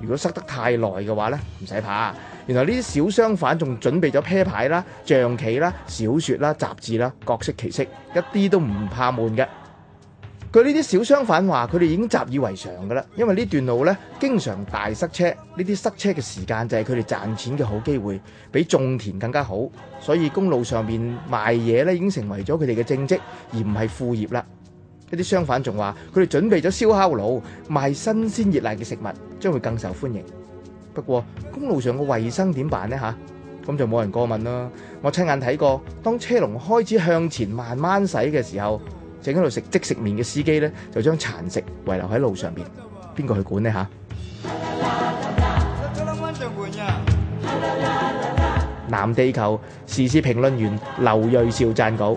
如果塞得太耐嘅話呢，唔使怕。原來呢啲小商販仲準備咗啤牌啦、象棋啦、小説啦、雜誌啦，各式其式，一啲都唔怕悶嘅。據呢啲小商販話，佢哋已經習以為常嘅啦，因為呢段路呢經常大塞車，呢啲塞車嘅時間就係佢哋賺錢嘅好機會，比種田更加好。所以公路上面賣嘢呢，已經成為咗佢哋嘅正職，而唔係副業啦。一啲商販仲話：佢哋、vale、準備咗燒烤爐，賣新鮮熱辣嘅食物將會更受歡迎。不過公路上嘅衞生點辦呢？吓，咁就冇人過問啦。我親眼睇過，當車龍開始向前慢慢駛嘅時候，正喺度食即食麵嘅司機咧，就將殘食遺留喺路上邊，邊個去管呢？吓，藍地球時事評論員劉銳紹撰稿。